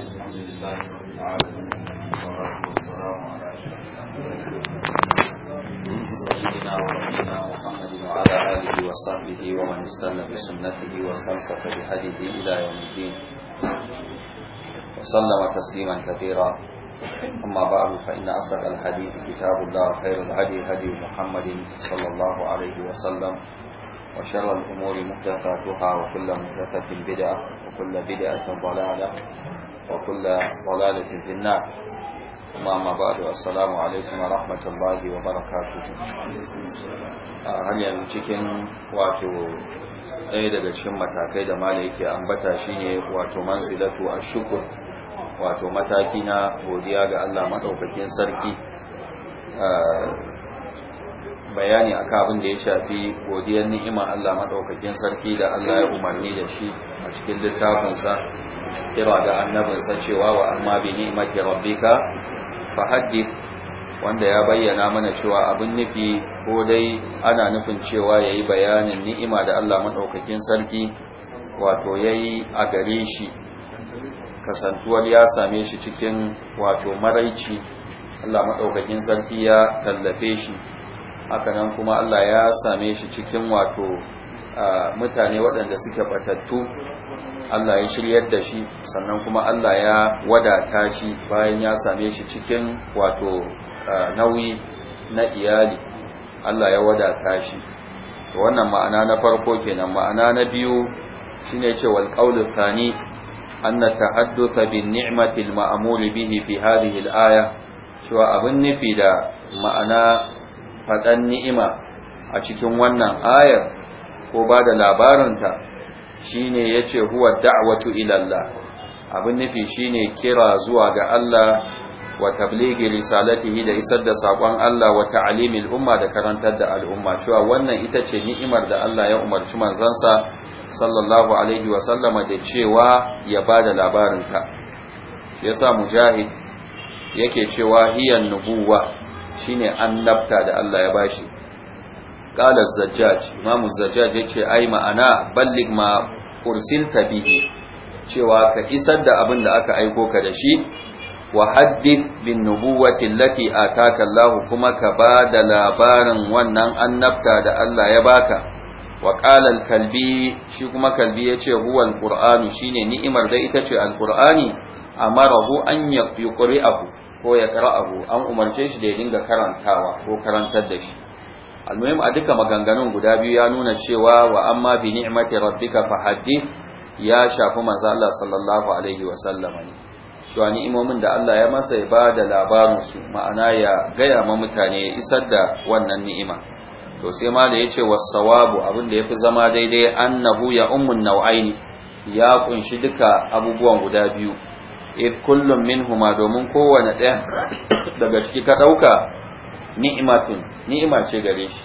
الحمد لله رب العالمين والصلاة والسلام على سيدنا وربنا محمد وعلى آله وصحبه ومن استنى بسنته واستمسك بهديه إلى يوم الدين وسلم تسليما كثيرا أما بعد فإن أصدق الحديث كتاب الله خير الهدي هدي محمد صلى الله عليه وسلم وشر الأمور محدثاتها وكل محدثة بدعة وكل بدعة ضلالة وكل ضلالة في النار ثم أما بعد السلام عليكم ورحمة الله وبركاته هل cikin واتو ɗaya daga cikin matakai da mala yake ambata shine wato manzilatu shukur wato mataki na godiya ga Allah madaukakin sarki bayani akan abin da ya shafi godiyar ni'imar Allah madaukakin sarki da Allah ya umarni da shi a cikin littafinsa kira da annabinsa cewa wa amma bi ni'mati rabbika fa wanda ya bayyana mana cewa abin nufi ko dai ana nufin cewa yayi bayanin ni'ima da Allah madaukakin sarki wato yayi a gare shi kasantuwar ya same shi cikin wato maraici Allah madaukakin sarki ya tallafe shi hakanan kuma Allah ya same shi cikin wato mutane waɗanda suke batattu Allah ya shiryar da shi sannan kuma Allah ya wadata shi bayan ya same shi cikin wato nauyi na iyali Allah ya wadata shi wannan ma'ana na farko kenan ma'ana na biyu shine ce wal sani thani anna tahaddatha bin ni'mati al bihi fi hadhihi al aya cewa abin nufi da ma'ana faɗan ni'ima a cikin wannan ayar ko ba da labarinta shine ya ce huwa da'watu ilallah abin nufi shine kira zuwa ga Allah wa tabligi risalatihi da isar da sakon Allah wa ta'limil umma da karantar da al'umma cewa wannan ita ce ni'imar da Allah ya umarci manzansa sallallahu alaihi wa sallama da cewa ya bada labarinta yasa mujahid yake cewa hiyan nubuwa shine annabta da Allah ya bashi qala az-zajjaj imamu az-zajjaj yace ai ma'ana ballig ma ursilta bihi cewa ka isar da abin da aka aiko ka da shi wa haddith bin nubuwati allati ataka Allah kuma ka ba da labarin wannan annabta da Allah ya baka wa qala al-kalbi shi kuma kalbi yace huwa al-qur'anu shine ni'imar da ita ce al-qur'ani hu an abu. ko ya abu, an umarce shi da ya dinga karantawa ko karantar da shi almuhim a duka maganganun guda biyu ya nuna cewa wa amma bi ni'mati rabbika fa fahaddith ya shafi manzo Allah sallallahu alaihi wa sallama ne cewa ni'imomin da Allah ya masa ya bada labarin su ma'ana ya gaya ma mutane ya isar da wannan ni'ima to sai mala yace was abin da yafi zama daidai annahu ya ummun nau'aini ya kunshi duka abubuwan guda biyu id kullum minhuma domin kowane ɗaya daga ciki ka ɗauka ni'imatin ni'ima ce gare shi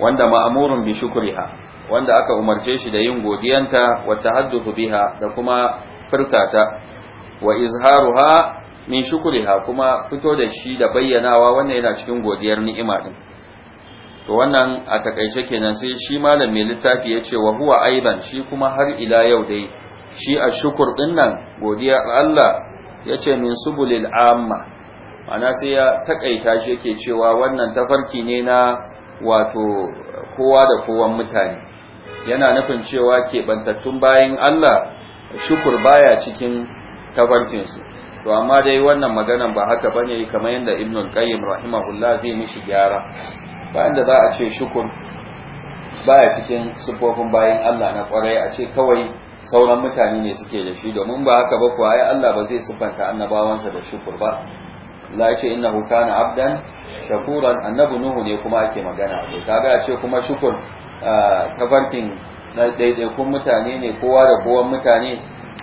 wanda ma'amurun bi shukriha wanda aka umarce shi da yin godiyanta wa ta'adduhu biha da kuma firkata, wa izharuha min shukriha kuma fito da shi da bayyanawa wannan yana cikin godiyar ni'ima din to wannan a takaice kenan sai shi malam mai littafi ya ce wa huwa aiban shi kuma har ila yau dai shi a shukur din nan godiya Allah ya ce min subulil amma ana sai ya takaita shi yake cewa wannan tafarki ne na wato kowa da kowan mutane yana nufin cewa keɓantattun bayan Allah shukur baya cikin tafarkinsu to amma dai wannan maganan ba haka bane kamar yadda ibn al-qayyim rahimahullah zai mishi gyara bayan da za a ce shukur baya cikin siffofin bayan Allah na kwarai a ce kawai sauran mutane ne suke da shi domin ba haka ba kuwa ai Allah ba zai siffanta annabawansa da shukur ba la yace innahu kana abdan shakuran annabi nuhu ne kuma ake magana to kaga ya ce kuma shukur tafarkin daidaikun mutane ne kowa da kowa mutane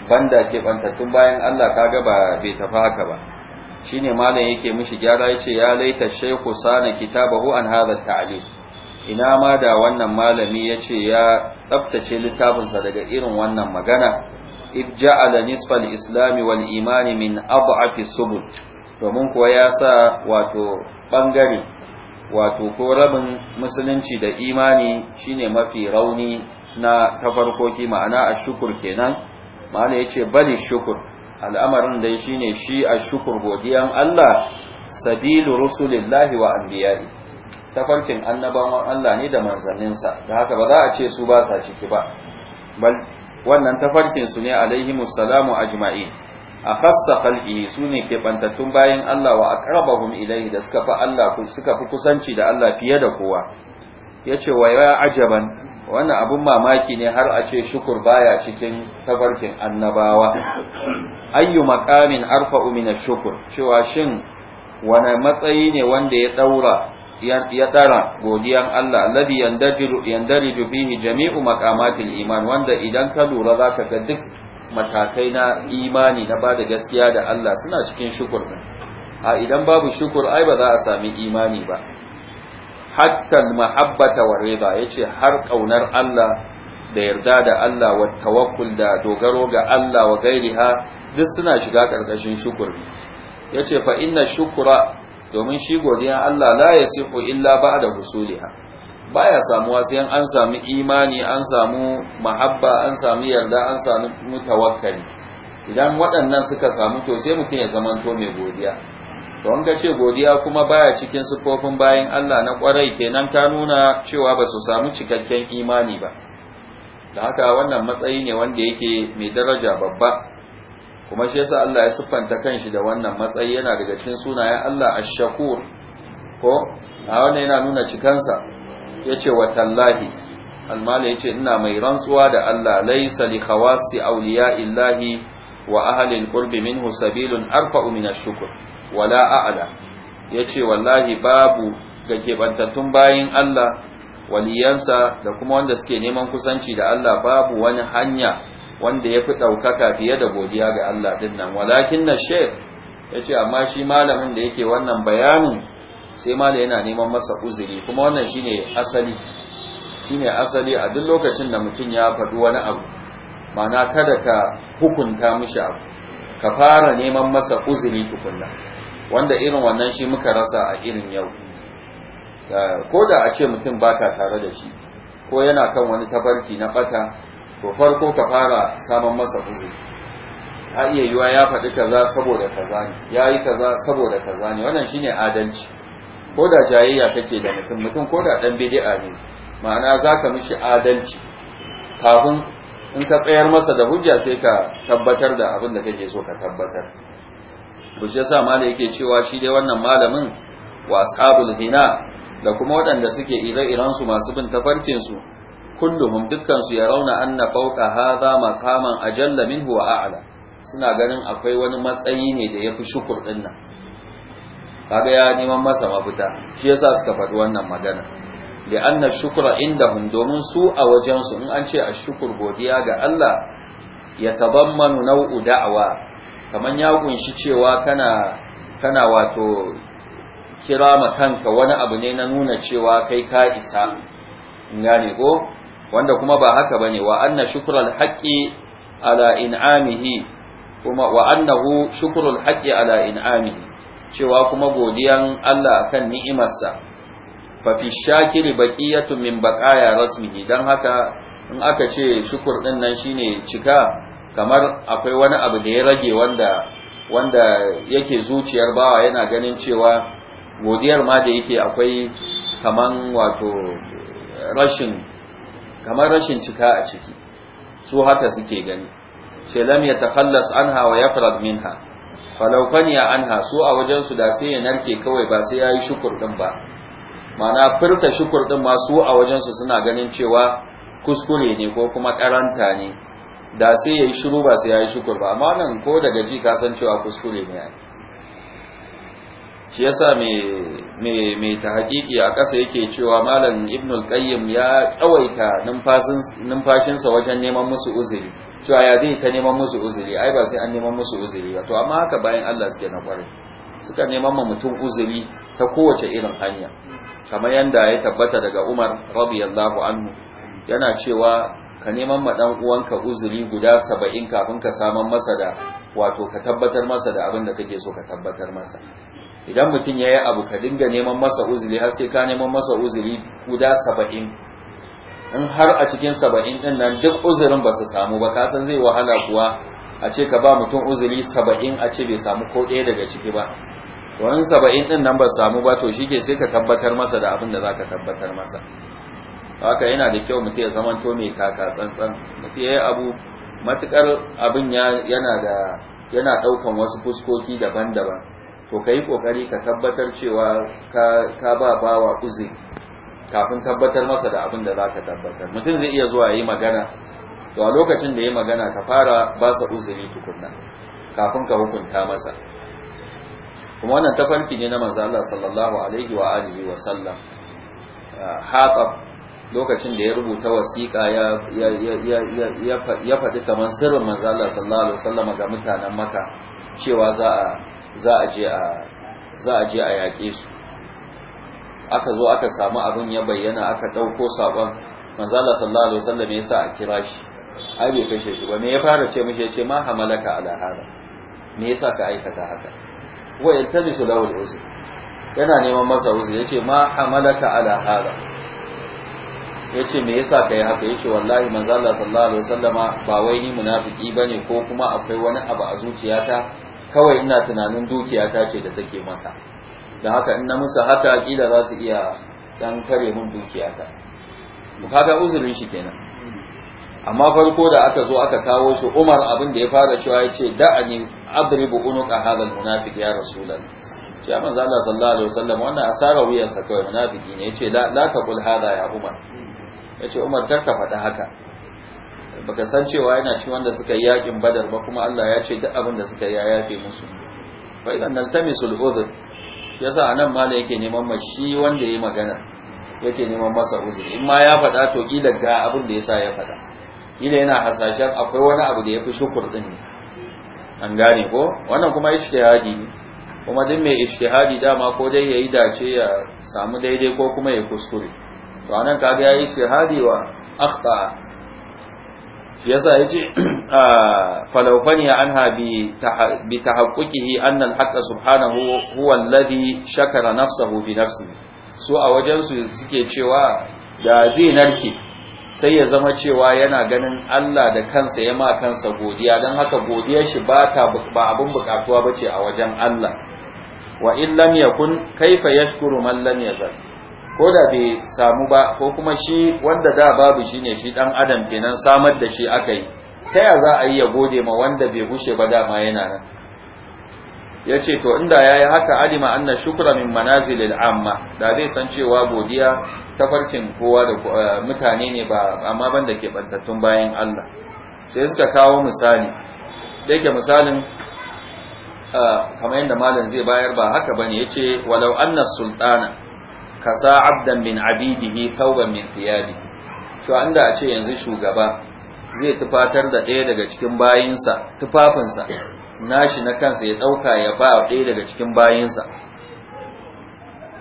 banda ke bantattun bayan Allah kaga ba bai tafi haka ba shine malam yake mishi gyara yace ya laita shaykhu sana kitabahu an hadha ta'lim ina ma da wannan malami ya ce ya tsabtace littafinsa daga irin wannan magana ibja'ala nisfal islami wal imani min ad'afi subul domin kuwa ya sa wato bangare wato ko rabin musulunci da imani shine mafi rauni na tafarkoki ma'ana ashukur kenan ma'ana ya ce bali shukur al'amarin dai shine shi a shukur, godiyan Allah sabilu rusulillahi wa anbiya'i tafarkin annabawan Allah ne da manzanninsa da haka ba za a ce su ba sa ciki ba wannan tafarkinsu su ne alaihimus salamu ajma'in a khassa khalqihi su ne ke bayan Allah wa aqrabahum ilayhi da suka fa Allah suka fi kusanci da Allah fiye da kowa yace wa ya ajaban wannan abun mamaki ne har a ce shukur baya cikin tafarkin annabawa ayyu maqamin arfa'u min shukur cewa shin wani matsayi ne wanda ya ɗaura? ya dara godiyan Allah alladhi yandajiru yandariju fihi jami'u maqamatil iman wanda idan ka lura zaka ga duk matakai na imani na bada gaskiya da Allah suna cikin shukur din a idan babu shukur ai ba za a sami imani ba hatta mahabbata wa rida yace har kaunar Allah da yarda da Allah wa tawakkul da dogaro ga Allah wa gairiha duk suna shiga karkashin shukur yace fa inna shukura domin shi godiya Allah la yasihu illa ba'da husuliha baya samuwa yan an samu imani an samu mahabba an samu yarda an samu tawakkali idan waɗannan suka samu to sai mutum ya zamanto mai godiya to an ga ce godiya kuma baya cikin sifofin bayan Allah na kwarai kenan ta nuna cewa ba su samu cikakken imani ba da haka wannan matsayi ne wanda yake mai daraja babba kuma shi yasa Allah ya siffanta kanshi da wannan matsayi yana daga cikin sunayen Allah ash-shakur ko a wannan yana nuna cikansa yace wa tallahi almala yace ina mai rantsuwa da Allah laysa li khawasi awliya illahi wa ahli al minhu sabilun arfa'u min ash-shukr wala a'la yace wallahi babu ga kebantattun bayin Allah waliyansa da kuma wanda suke neman kusanci da Allah babu wani hanya wanda ya fi ɗaukaka fiye da godiya ga Allah ɗin nan walakin na sheikh ya ce amma shi malamin da yake wannan bayanin sai mala yana neman masa uzuri kuma wannan shine asali shine asali a duk lokacin da mutum ya faɗi wani abu mana kada ka hukunta mishi abu ka fara neman masa uzuri tukunna wanda irin wannan shi muka rasa a irin yau ko da a ce mutum baka tare da shi ko yana kan wani tafarki na ɓata. to farko ka fara saman masa uzuri a iya yiwa ya faɗi kaza saboda kaza ne ya yi kaza saboda kaza ne wannan shine adalci ko da jayayya kake da mutum mutum ko da ɗan bidi'a ne ma'ana za ka mishi adalci kafin in ka tsayar masa da hujja sai ka tabbatar da abin da kake so ka tabbatar bushe yasa malai yake cewa shi dai wannan malamin wa ashabul hina da kuma waɗanda suke ire-iren su masu bin tafarkin su Kullum dukkan su rauna anna fawqa hadha maqaman ajalla minhu wa a'la suna ganin akwai wani matsayi ne da yafi shukur din nan kaga ya neman masa mafita shi yasa suka faɗi wannan magana li anna shukra indahum domin su a wajen su in an ce a shukur godiya ga Allah ya tabammanu nau'u da'wa kaman ya kunshi cewa kana kana wato kira ma kanka wani abu ne na nuna cewa kai ka isa in gane ko wanda kuma ba haka bane wa anna shukrul haqqi ala in'amihi kuma wa annahu shukrul haqqi ala in'amihi cewa kuma godiyan Allah akan ni'imarsa fa fi shakiri ya min baqaya rasmihi dan haka in aka ce shukur din nan shine cika kamar akwai wani abu da ya rage wanda wanda yake zuciyar bawa yana ganin cewa godiyar ma da yake akwai kaman wato rashin kamar rashin cika a ciki su haka suke gani she lam ya takhallas anha wa yafrad minha falau faniya anha su a wajen su da sai ya narke kawai ba sai yayi shukur din ba mana furta shukur din ma su a wajen su suna ganin cewa kuskure ne ko kuma karanta ne da sai yayi shiru ba sai yayi shukur ba amma nan ko daga ji ka san cewa kuskure ne shi yasa mai ta hakiki a ƙasa yake cewa malam ibnul qayyim ya tsawaita numfashinsa wajen neman musu uzuri cewa ya zai ta neman musu uzuri ai ba sai an neman musu uzuri ba to amma haka bayan Allah suke na kwarai suka neman ma mutum uzuri ta kowace irin hanya kamar yanda ya tabbata daga Umar radiyallahu anhu yana cewa ka neman ma dan uwanka uzuri guda 70 kafin ka saman masa da wato ka tabbatar masa da abin da kake so ka tabbatar masa idan mutum ya yi abu ka dinga neman masa uzuri har sai ka neman masa uzuri guda saba'in in har a cikin saba'in ɗin nan duk uzurin ba su samu ba kasan zai wahala kuwa a ce ka ba mutum uzuri saba'in a ce bai samu ko ɗaya daga ciki ba to in saba'in ɗin nan ba su samu ba to shi ke sai ka tabbatar masa da abin da za ka tabbatar masa haka yana da kyau mutum ya zamanto mai kaka tsantsan mutum ya yi abu matuƙar abin yana da yana ɗaukan wasu fuskoki daban-daban to ka yi ƙoƙari ka tabbatar cewa ka ba bawa uzi kafin tabbatar masa da abin da za ka tabbatar mutum zai iya zuwa yi magana to a lokacin da ya magana ka fara ba sa uzuri tukunna kafin ka hukunta masa kuma wannan tafarki ne na manzo Allah sallallahu alaihi wa alihi wa sallam ah, hatab lokacin da ya rubuta wasiƙa ya ya faɗi kamar sirrin manzo Allah sallallahu alaihi wa sallam ga mutanen maka cewa za a za a je a yaƙe su aka zo aka samu abin ya bayyana aka ɗauko saɓon manzala sallallahu alaihi wasallam ya sa a kira shi ai bai kashe shi ba me ya fara ce mishi ya ce ma hamalaka ala hada me yasa ka aikata haka wa yaltamisu lahu al-uzr yana neman masa uzur yace ma hamalaka ala hada yace me yasa yi haka yace wallahi manzala sallallahu alaihi wasallama ba wai ni munafiki bane ko kuma akwai wani abu a zuciyata kawai ina tunanin dukiya ta ce da take mata da haka in na musu haka kila za su iya dan kare mun dukiya ta Mu kaga uzurin shi kenan amma farko da aka zo aka kawo shi Umar abin da ya fara cewa ya ce da'ani adribu unuka hadal munafiq ya rasulullah ya amma zalla sallallahu alaihi wasallam wannan asara wuyansa kawai munafiki ne Ya ce la la taqul hadha ya Umar Ya ce Umar kar ka faɗi haka baka san cewa yana ci wanda suka yi yakin badar ba kuma Allah ya ce duk abin da suka yi ya yafe musu fa idan naltamisul udhr yasa anan malai yake neman ma shi wanda yayi magana yake neman masa uzuri in ma ya faɗa to kila ga abin da yasa ya faɗa kila yana hasashen akwai wani abu da yafi shukur din ne an gane ko wannan kuma ishtihadi ne kuma din mai ishtihadi dama ko dai yayi dace ya samu daidai ko kuma ya kuskure to anan kaga yayi ishtihadi wa akhta yasa yace ah, falau faniya anha bi tahaqquqihi anna al haqq subhanahu huwa alladhi shakara nafsahu bi nafsihi su a wajen su suke cewa da zai narke sai ya zama cewa yana ganin Allah da kansa ya ma kansa godiya dan haka godiyar shi ba ta ba ce bukatuwa bace a wajen Allah wa in lam yakun kaifa yashkuru man lam yazal ko da bai samu ba ko kuma shi wanda da babu shi ne shi dan adam kenan samar da shi aka yi ta ya za a yi ya gode ma wanda bai gushe ba dama yana nan ya ce to inda ya yi haka alima anna shukra min manazilil amma da zai san cewa godiya ta farkin kowa da eh, mutane ne ba amma banda ke bantattun bayan Allah sai suka kawo misali da yake misalin eh, kamar yadda malam zai bayar ba haka bane yace walau anna sultana kasa abdan min abidihi tauban min thiyabi to an da a ce yanzu shugaba zai tufatar da ɗaya daga cikin bayinsa tufafinsa nashi na kansa ya ɗauka ya ba ɗaya daga cikin bayinsa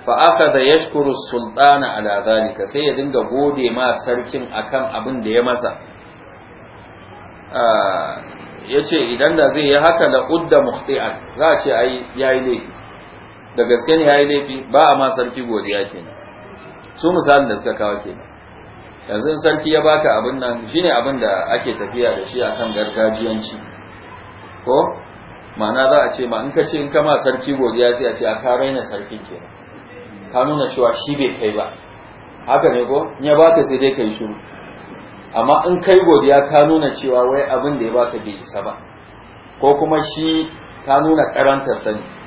fa aka da yashkuru sultana ala zalika sai ya dinga gode ma sarkin akan abin da ya masa ah, ya ce idan da zai yi haka la udda muhti'an za a ce ai yayi laifi da gaske ne yayi laifi ba a ma sarki godiya kenan su misalin da suka kawo kenan yanzu sarki ya baka abin nan shine abin da ake tafiya da shi akan gargajiyanci ko ma'ana za a ce ma in ka ce in ka ma sarki godiya sai a ce a ka raina sarkin kenan ka nuna cewa shi bai kai ba haka ne ko in ya baka sai dai kai shiru amma in kai godiya ka nuna cewa wai abin da ya baka bai isa ba ko kuma shi ka nuna karantar sani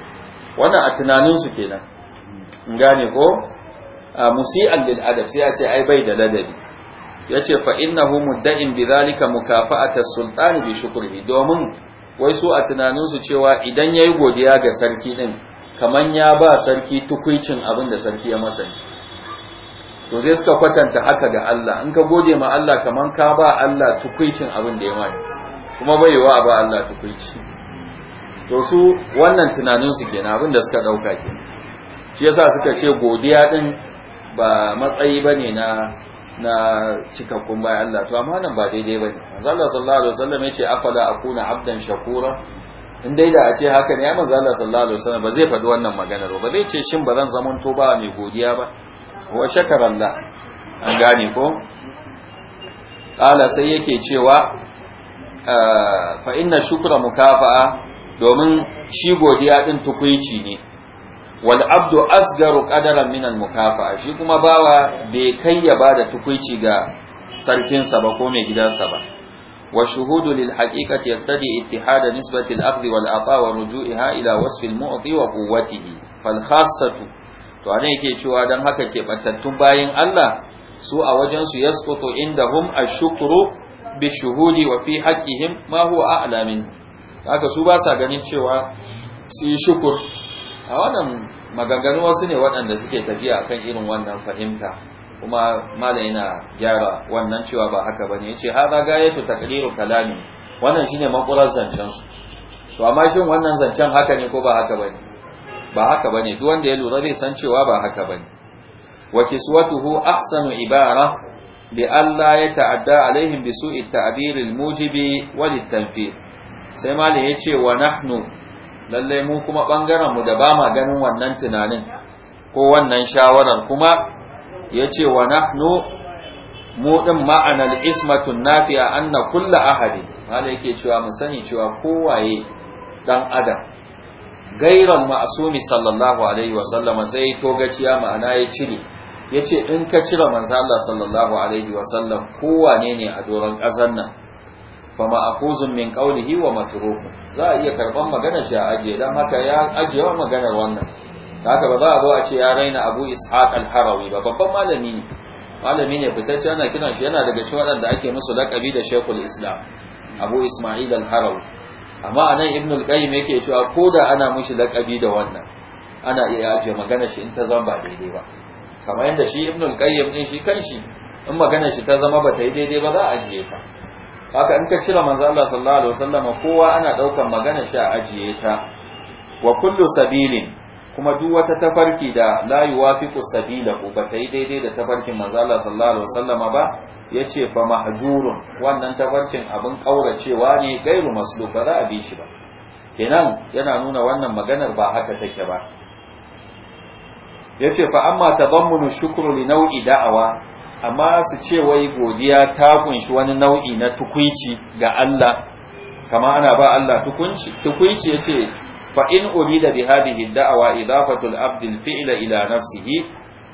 wannan a tunaninsu kenan in gane ko a musi'an lil adab sai a ce ai bai da ladabi yace fa innahu mudda'in bi zalika mukafa'at as-sultan bi shukrihi domin wai su a tunaninsu cewa idan yayi godiya ga sarki din kaman ya ba sarki tukuicin abin da sarki ya masa to sai suka kwatanta haka ga Allah in ka gode ma Allah kaman ka ba Allah tukuicin abin da ya mai kuma bai yiwa ba Allah tukuici to su wannan tunaninsu kenan abin da suka ɗauka ke shi yasa suka ce godiya ɗin ba matsayi ba ne na na cikakkun bayan Allah to amma nan ba daidai ba ne manzala sallallahu alaihi wasallam ya ce afala akuna abdan shakura in dai da a ce haka ne ya manzala sallallahu alaihi wasallam ba zai faɗi wannan magana ba zai ce shin ba zan zamanto ba mai godiya ba wa shakaralla an gane ko ƙala sai yake cewa fa inna shukra mukafa'a domin shi godiya ɗin tukuici ne wal abdu asgaru ƙadaran minan mukafa shi kuma bawa bai kai ya bada tukuici ga sarkinsa ba ko mai gidansa ba wa shuhudu lil haqiqati yaktadi ittihada nisbati al akhdhi wal afa wa ruju'iha ila wasfi al mu'ti wa quwwatihi fal khassatu to anan yake cewa dan haka ke battattun bayin Allah su a wajen su yasqutu indahum ashkuru bi shuhudi wa fi haqqihim ma huwa a'la haka su ba sa ganin cewa su yi shukur a wannan maganganu wasu ne waɗanda suke tafiya akan irin wannan fahimta kuma mala yana gyara wannan cewa ba haka bane yace hada gayatu taqriru kalami wannan shine makurar zancen su to amma shin wannan zancen haka ne ko ba haka bane ba haka bane duk wanda ya lura zai san cewa ba haka bane wa kiswatuhu ahsanu ibara bi alla yata'adda alaihim bi su'i at-ta'bir al-mujibi wal tanfir sai malam ya ce wa nahnu lallai mu kuma ɓangaren mu da ba ma ganin wannan tunanin ko wannan shawarar kuma ya ce wa nahnu mu ɗin ma'anar ismatun nafiya an na kulla ahadi malin yake cewa mu sani cewa kowaye ɗan adam gairan ma'asumi sallallahu alaihi wa sallama sai to gaciya ma'ana ya cire Yace ce in ka cire manzo Allah sallallahu alaihi wa sallam kowane ne a doron ƙasar nan fa min qawlihi wa matrukun za a iya karban maganar shi a ajiye dan haka ya ajiyewa maganar wannan haka ba za a zo a ce ya raina Abu Ishaq al-Harawi ba babban malami ne malami ne fitacce ana kiran shi yana daga cikin waɗanda ake musu lakabi da Sheikhul Islam Abu Isma'il al-Harawi amma anan Ibn al-Qayyim yake cewa koda ana mushi lakabi da wannan ana iya ajiye magana shi in ta zama ba daidai ba kamar yadda shi ibnul qayyim din shi kanshi in magana shi ta zama ba ta yi daidai ba za a ajiye ta haka in ka cire manzo Allah sallallahu alaihi wasallam kowa ana daukan magana shi a ajiye ta wa kullu sabilin kuma duk wata tafarki da la yuwafiqu sabilahu ba ta yi daidai da tafarkin manzo Allah sallallahu alaihi wasallam ba yace fa mahjurun wannan tafarkin abin kauracewa ne gairu masluk ba za a bi shi ba kenan yana nuna wannan maganar ba haka take ba yace fa amma tadammunu shukru li nau'i da'awa amma su ce wai godiya ta kunshi wani nau'i na tukuici ga Allah kama ana ba Allah tukunci tukuici yace fa in urida bi hadhihi da'wa idafatu al-abd fila ila nafsihi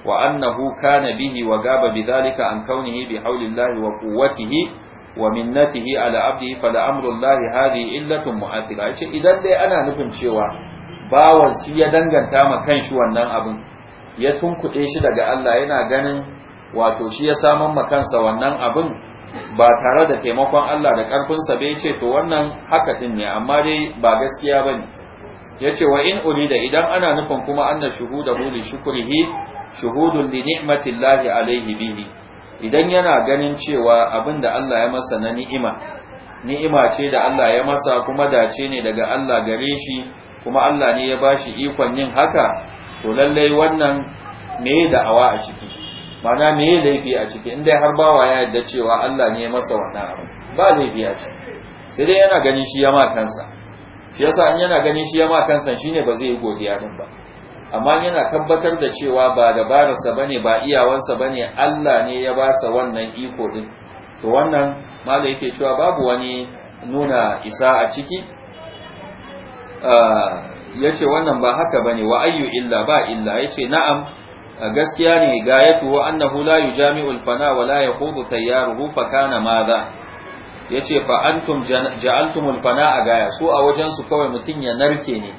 wa annahu kana bihi wa gaba bidhalika an kaunihi bi haulillahi wa quwwatihi wa minnatihi ala abdihi fala amru hadhihi illatun mu'athira yace idan dai ana nufin cewa bawan shi ya danganta ma kanshi wannan abin ya tunkuɗe shi daga Allah yana ganin wato shi ya saman kansa wannan abin ba tare da taimakon Allah da ƙarfinsa bai ce to wannan haka din ne amma dai ba gaskiya ba ne ya ce wa in uri da idan ana nufin kuma an na shuhuda huli shukurihi shuhudun li ni'matillahi alaihi bihi idan yana ganin cewa abin da Allah ya masa na ni'ima ni'ima ce da Allah ya masa kuma dace ne daga Allah gare shi kuma Allah ne ya ba shi ikon yin haka to lallai wannan me da'awa a ciki mana me ya laifi a ciki inda dai har bawa ya yadda cewa Allah ne ya masa wannan abu ba laifi a ciki sai dai yana ganin shi ya ma kansa shi yasa in yana ganin shi ya ma kansa shine ba zai yi godiya din ba amma yana tabbatar da cewa ba dabararsa bane ba iyawansa bane Allah ne ya ba sa wannan iko din to wannan mala yake cewa babu wani nuna isa a ciki ah, yace wannan ba haka bane wa ayyu illa ba illa yace na'am gaskiya ne ga tuwo annahu la yujami'ul fana wa la yaqudu tayyaruhu fa kana madha yace fa antum ja'altumul fana a gaya su a wajen su kawai mutun ya narke ne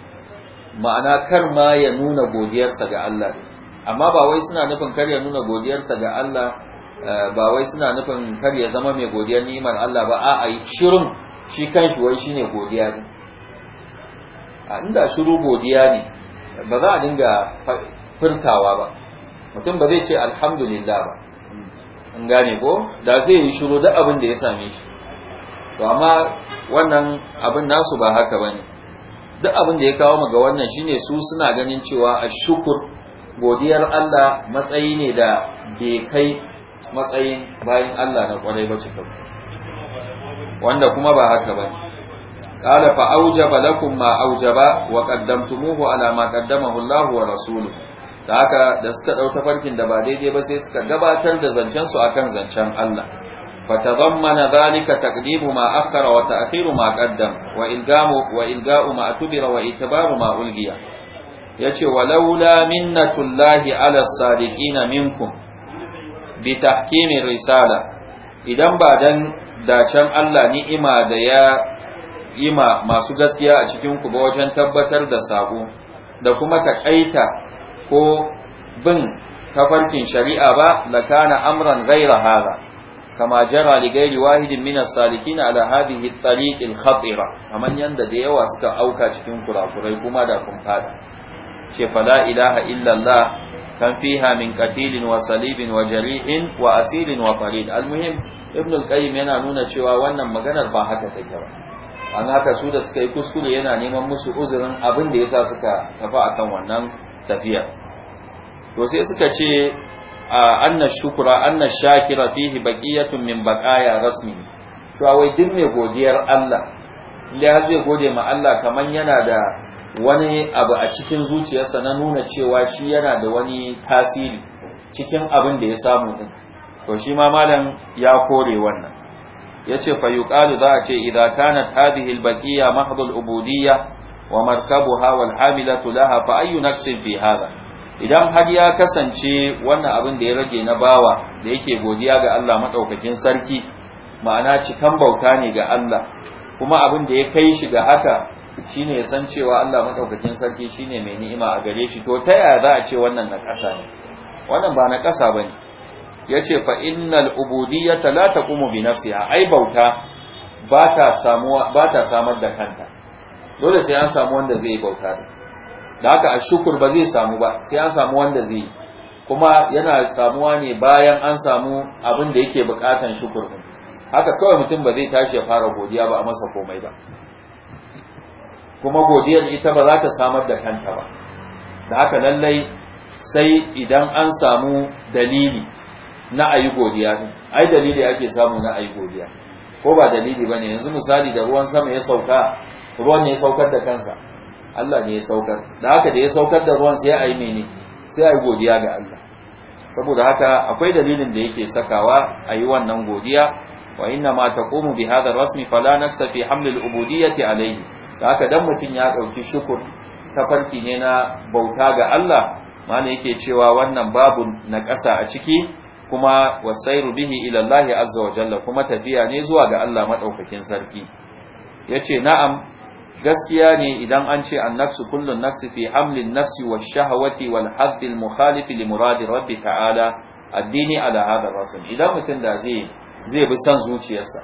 ma'ana kar ma ya nuna godiyarsa ga Allah amma ba wai suna nufin kar ya nuna godiyarsa ga Allah eh, ba wai suna nufin kar ya zama mai godiyar ni'imar Allah ba a'a shirin shi kanshi wai shine godiya ne a inda shiru godiya ne ba za a dinga furtawa ba mutum ba zai ce alhamdulillah ba an gane ko da zai yi shiru da abin da ya same shi to amma wannan abin nasu ba haka bane duk abin da ya kawo mu ga wannan shine su suna ganin cewa ashkur godiyar Allah matsayi ne da bai kai matsayin bayan Allah na kwarai ba cikin wanda kuma ba haka bane qala fa aujaba lakum ma aujaba wa qaddamtumuhu ala ma qaddamahu wa rasuluhu ta haka da suka ɗau tafarkin da ba daidai ba sai suka gabatar da zancen su akan zancen Allah fata zammana zalika taqdimu ma akhara wa ta'khiru ma qaddam wa ilgamu wa ilga'u ma atbira wa itbaru ma ulgiya yace walaula minnatullahi ala sadiqin minkum bi tahkimi risala idan ba dan dacen Allah ni'ima da ya yi ma masu gaskiya a cikin ku ba wajen tabbatar da sako da kuma taƙaita. ko bin tafarkin shari'a ba lakana amran ghaira hara, kama jara li ghairi wahidin min as-salikin ala hadhihi at-tariq al-khatira kaman yanda da yawa suka auka cikin kurakurai kuma da kumfada, ce fa la ilaha illa Allah kan fiha min qatilin wa salibin wa jarihin wa asirin wa farid al-muhim ibn al-qayyim yana nuna cewa wannan maganar ba haka take ba an haka su da suka yi kuskure yana neman musu uzurin abin da yasa suka tafi akan wannan tafiyar. to sai suka ce a anna shukura anna shakira fihi baqiyatun min baqaya rasmi cewa wai duk mai godiyar Allah inda har zai gode ma Allah kamar yana da wani abu a cikin zuciyarsa na nuna cewa shi yana da wani tasiri cikin abin da ya samu din to shi ma malam ya kore wannan yace fa yuqalu za a ce idza kanat hadhihi al-baqiyya mahdhu ubudiyya wa markabuha wal hamilatu laha fa ayyu naqsin fi hadha idan har ya kasance wannan abin da ya rage na bawa da yake godiya ga Allah maɗaukakin sarki ma'ana cikan bauta ne ga Allah kuma abin da ya kai shi ga haka shi ne ya san cewa Allah maɗaukakin sarki shi ne mai ni'ima a gare shi to ta yaya za a ce wannan na ƙasa ne wannan ba na ƙasa ba ne ya ce fa innal ubudiyyata la taqumu bi nafsiha ai bauta ba ta samar da kanta dole sai an samu wanda zai bauta da da haka a shukur ba zai samu ba sai an samu wanda zai yi kuma yana samuwa ne bayan an samu abin da yake bukatan shukur din haka kawai mutum ba zai tashi ya fara godiya ba a masa komai ba kuma godiyar ita ba za ta samar da kanta ba da haka lallai sai idan an samu dalili na ayi godiya din ai dalili ake samu na ayi godiya ko ba dalili bane yanzu misali da ruwan sama ya sauka ruwan ne ya saukar da kansa Allah ne ya saukar da haka da ya saukar da ruwan sai a yi mene sai a godiya ga Allah saboda haka akwai dalilin da yake sakawa a yi wannan godiya wa inna ma taqumu bi hadha rasmi fala nafsa fi haml al ubudiyyati alayhi da haka dan mutum ya ɗauki shukur tafarki ne na bauta ga Allah mana yake cewa wannan babu na ƙasa a ciki kuma wasairu bihi ila Allah azza wa jalla kuma tafiya ne zuwa ga Allah madaukakin sarki yace na'am gaskiya ne idan an ce annafsu kullun nafsi fi hamlin nafsi wa shahawati wal haddi al mukhalif li muradi rabbi ta'ala addini ala hada rasul idan mutum da zai zai bi san zuciyarsa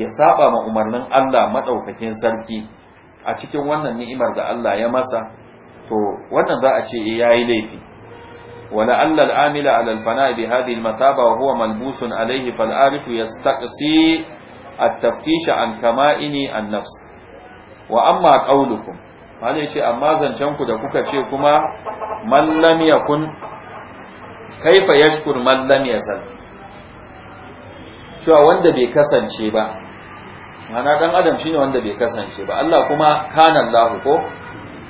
ya saba ma umarnin Allah madaukakin sarki a cikin wannan ni'imar da Allah ya masa to wannan za a ce eh, yayi laifi wala alla al amila ala al fana bi hadhihi al mataba wa huwa malbusun alayhi fal arifu yastaqsi at taftish an kama'ini an wa amma qaulukum mana yace amma zancen ku da kuka ce kuma man lam yakun kaifa yashkur man lam yasal cewa wanda bai kasance ba mana dan adam shine wanda bai kasance ba Allah kuma kana Allah ko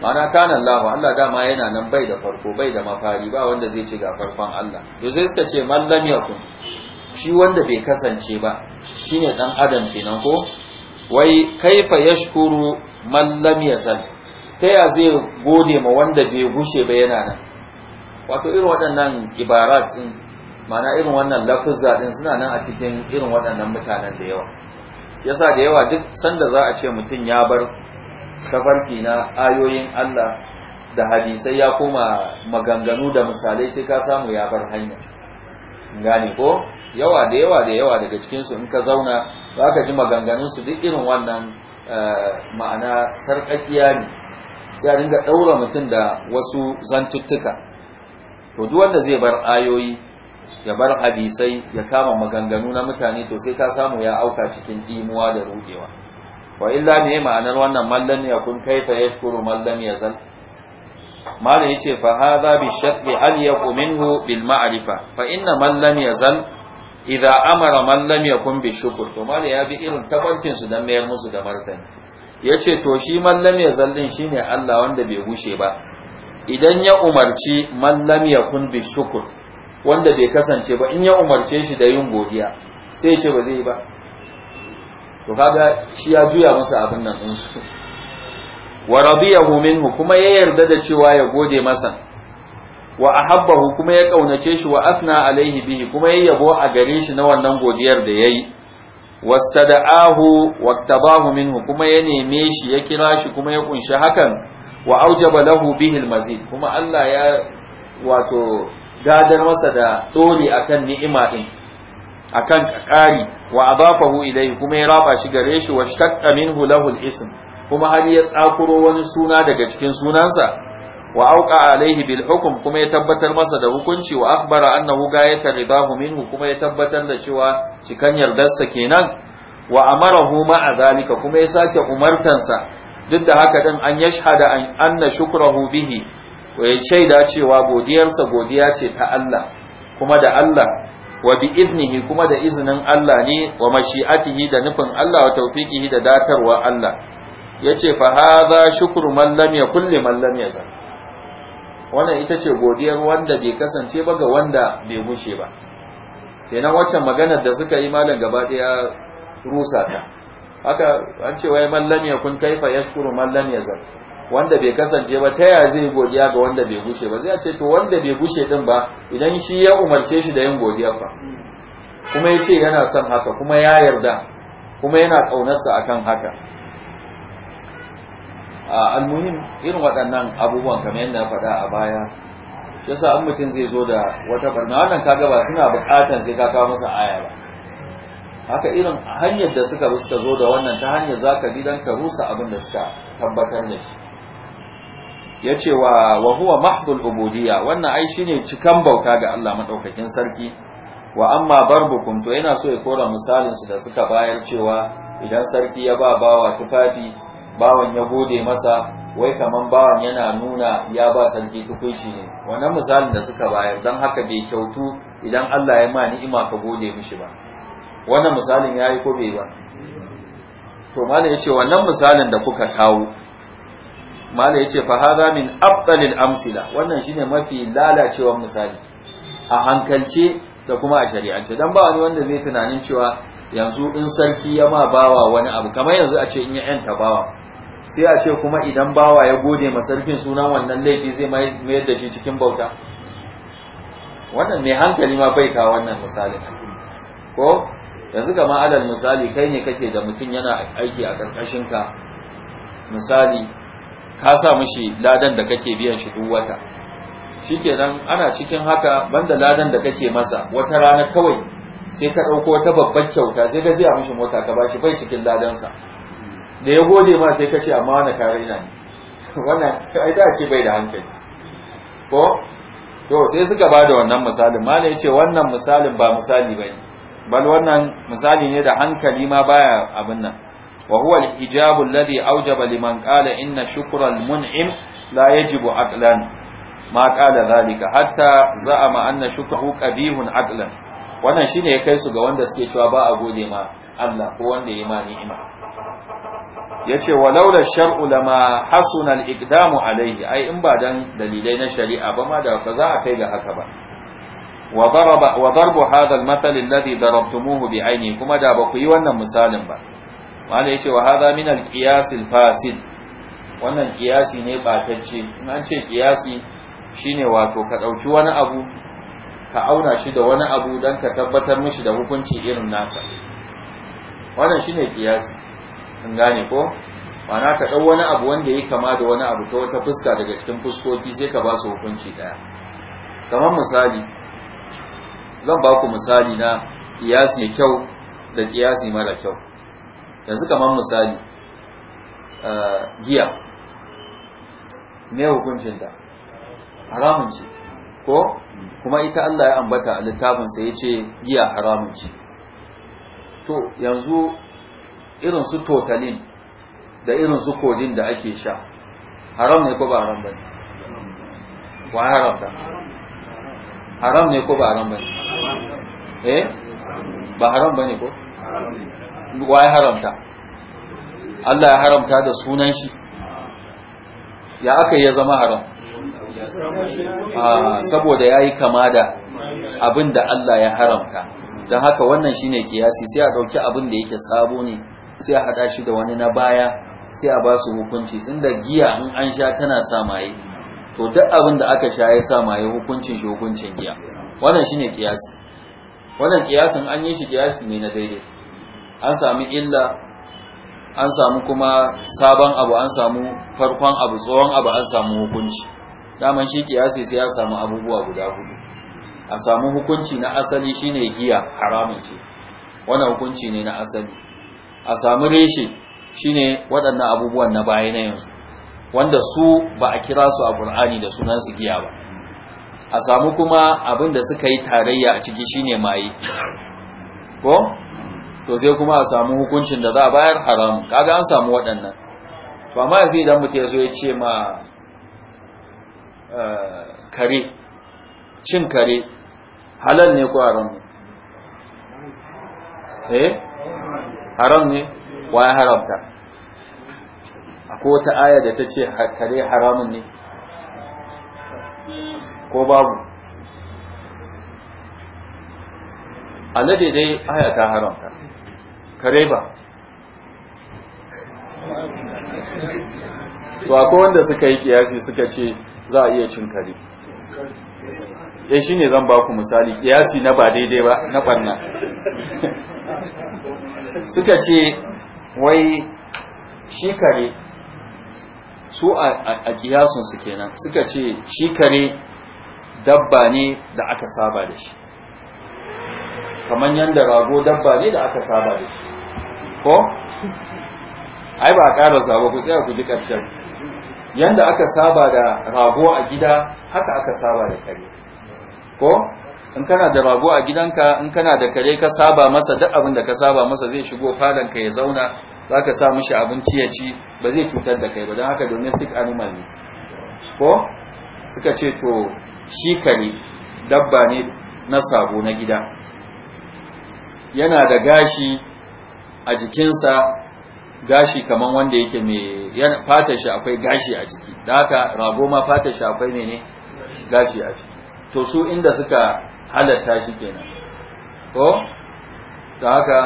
mana kana Allah Allah dama yana nan bai da farko bai da mafari ba wanda zai ce ga farkon Allah to sai suka ce man lam yakun shi wanda bai kasance ba shine dan adam kenan ko wai kaifa yashkuru man lam yazal ta ya zai gode ma wanda bai gushe ba yana nan wato irin waɗannan ibarat din mana irin wannan lafuzza din suna nan a cikin irin waɗannan mutanen da yawa yasa da yawa duk sanda za a ce mutum ya bar tafarki na ayoyin Allah da hadisai ya koma maganganu da misalai sai ka samu ya bar hanya gane ko yawa da yawa da yawa daga cikinsu in ka zauna za ka ji maganganunsu duk irin wannan Eh, ma'ana sarƙaƙiya ne sai a dinga ɗaura mutum da wasu zantuttuka to duk wanda zai bar ayoyi ya bar hadisai ya kama maganganu na mutane to sai ka samu ya auka cikin ɗimuwa da rudewa wa illa ne ma'anar wannan mallam ya kun kaifa yashkuru mallam ya zal mallam yace fa hadha bi shaddi al yaqu minhu bil ma'rifa fa inna mallam ya zal idza amara man lam yakun bi shukr to mala ya bi irin tabarkin su dan mayar musu da martani yace to shi man lam ya zallin shine Allah wanda bai gushe ba idan ya umarci man lam yakun bi shukr wanda bai kasance ba in ya umarce shi da yin godiya sai ya ce ba zai ba to kaga shi ya juya masa abin nan din su wa minhu kuma ya yarda da cewa ya gode masa wa ahabbahu kuma ya kaunace shi wa asna alaihi bihi kuma ya yabo a gare shi na wannan godiyar da yayi wastada'ahu waktabahu minhu kuma ya neme shi ya kira shi kuma ya kunshi hakan wa aujaba lahu bihi almazid kuma Allah ya wato gadar masa da dori akan ni'ima din akan kakari wa adafahu ilayhi kuma ya raba shi gare shi wa shaqqa minhu lahu alism kuma har ya tsakuro wani suna daga cikin sunansa wa auka alaihi bil kuma ya tabbatar masa da hukunci wa akhbara annahu gayata ridahu minhu kuma ya tabbatar da cewa cikan yardarsa kenan wa amarahu ma'a zalika kuma ya sake umartansa duk da haka din an yashhada an anna shukrahu bihi wa ya shaida cewa godiyarsa godiya ce ta Allah kuma da Allah wa bi iznihi kuma da izinin Allah ne wa mashi'atihi da nufin Allah wa tawfiqihi da datarwa Allah yace fa hadha shukru man lam yakul liman lam yazal wannan ita ce godiyar wanda bai kasance ba ga wanda bai mushe ba sai nan waccan maganar da suka yi malam gaba daya rusa ta haka an ce wai mallam ya kun kaifa yaskuru mallam ya zar wanda bai kasance ba ta yaya zai godiya ga wanda bai gushe ba zai ce to wanda bai gushe din ba idan shi ya umarce shi da yin godiya fa kuma ya yana son haka kuma ya yarda kuma yana kaunarsa akan haka almuhim irin waɗannan abubuwan kamar yadda na faɗa a baya shi yasa an mutum zai zo da wata barna wannan kaga ba suna buƙatar sai ka kawo masa aya ba haka irin hanyar da suka bi suka zo da wannan ta hanyar zaka bi don ka rusa abin da suka tabbatar da shi ya wa wa huwa mahdul ubudiyya wannan ai shine cikan bauta ga Allah madaukakin sarki wa amma barbukum to yana so ya kora misalin su da suka bayar cewa idan sarki ya ba bawa tufafi bawan ya gode masa wai kaman bawan yana nuna ya ba sarki tukunci ne wannan misalin da suka bayar don haka bai kyautu idan Allah ya ma ni'ima ka gode mishi ba wannan misalin ya yi ko ba to malam ya wannan misalin da kuka kawo malam ya ce fa hadha min afdalil amsila wannan shine mafi lalacewar misali a hankalce da kuma a shari'ance dan ba wani wanda zai tunanin cewa yanzu in sarki ya ma bawa wani abu kamar yanzu a ce in ya yanta bawa sai a ce kuma idan bawa ya gode ma sarkin sunan wannan laifi zai mayar da shi cikin bauta wannan mai hankali ma bai ka wannan misali ko yanzu ga alal misali kai ne kake da mutum yana aiki a ƙarƙashin ka misali ka sa mishi ladan da kake biyan shi duk wata shikenan ana cikin haka banda ladan da kake masa wata rana kawai sai ka ɗauko wata babbar kyauta sai ka ziya mishi mota ka bashi bai cikin ladansa da ya gode ma sai ka ce amma wani kare raina ne wannan ai da ce bai da hankali ko to sai suka ba da wannan misalin malai ya ce wannan misalin ba misali ba ne bal wannan misali ne da hankali ma baya abin nan wa huwa al-ijabu alladhi awjaba liman qala inna shukra al-mun'im la yajibu aqlan ma qala zalika hatta za'ama anna shukru qabihun aqlan wannan shine ya kai su ga wanda suke cewa ba a gode ma Allah ko wanda ya ma ni'ima yace walaula shar'u lama hasuna al-iqdamu alayhi ai in ba dan dalilai na shari'a ba ma da ba za a kai ga haka ba wa daraba wa darbu hadha al-mathal alladhi darabtumuhu bi ayni kuma da ba ku yi wannan misalin ba mala yace wa hadha min al-qiyas al-fasid wannan qiyasi ne batacce in an ce qiyasi shine wato ka dauki wani abu ka auna shi da wani abu dan ka tabbatar mishi da hukunci irin nasa wannan shine qiyasi sun gane ko mana ka dau wani abu wanda ya kama da wani abu ta wata fuska daga cikin fuskoki sai ka ba su hukunci ɗaya kamar misali zan ba ku misali na kiyasi mai kyau da kiyasi mara kyau yanzu kamar misali eh, giya ne hukuncin da, haramun ce ko kuma ita Allah ya ambata a littafinsa ya ce giya haramun ce to yanzu irin su totalin da irin su kodin da ake sha haram ne ko ba haram ba wa wa haramta haram ne ko ba haram ba eh ba haram ba ne ko wa ya haramta Allah ya haramta da sunan shi ya aka ya zama haram ah, saboda ya yi kama da abin da Allah ya haramta don haka wannan shine kiyasi sai a ɗauki abin da yake sabo ne sai a haɗa shi da wani na baya sai a ba su hukunci da giya in an sha tana sa maye to duk abin da aka sha ya sa maye hukuncin shi hukuncin giya wannan shine kiyasi wannan kiyasin an yi shi kiyasi ne na daidai an samu illa an samu kuma sabon abu an samu farkon abu tsohon abu an samu hukunci daman shi kiyasi sai ya samu abubuwa guda hudu a samu hukunci na asali shine giya haramun ce wannan hukunci ne na asali a samu reshe shine waɗannan abubuwan na baya na yanzu wanda su ba a kira su a Qur'ani da sunan su giya ba a samu kuma abin da suka yi tarayya a ciki shine maye ko to sai kuma a samu hukuncin da za a bayar haram kaga an samu waɗannan to amma yanzu idan mutum ya zo ya ce ma eh, kare cin kare halal ne ko haram ne eh haram ne wa ya haramta akwai wata aya da ta ce kare haramun ne ko babu alade dai aya ta haramta kare ba to akwai wanda suka yi kiyasi suka ce za a iya cin kare ya eh, shi ne zan ba ku misali kiyasi na ba daidai ba na ɓanna suka ce wai shi kare su a su kenan suka ce shi kare dabba ne da aka saba da shi kamar yadda rago dabba ne da aka saba da shi ko? ai ba a ƙara zaba ku tsaye ku ji ƙarshen yadda aka saba da rago a gida haka aka saba da kare ko? in kana da rago a gidanka in kana da kare ka saba masa duk abin da ka saba masa zai shigo falon ka ya zauna za ka sa mishi abinci ya ci ba zai cutar da kai ba don haka domestic animal ne ko suka ce to shi kare dabba ne na sabo na gida yana da gashi a jikinsa gashi kaman wanda yake mai fatar shi akwai gashi a jiki da haka rago ma fatar shi akwai menene gashi a jiki to su inda suka halatta shi kenan ko da haka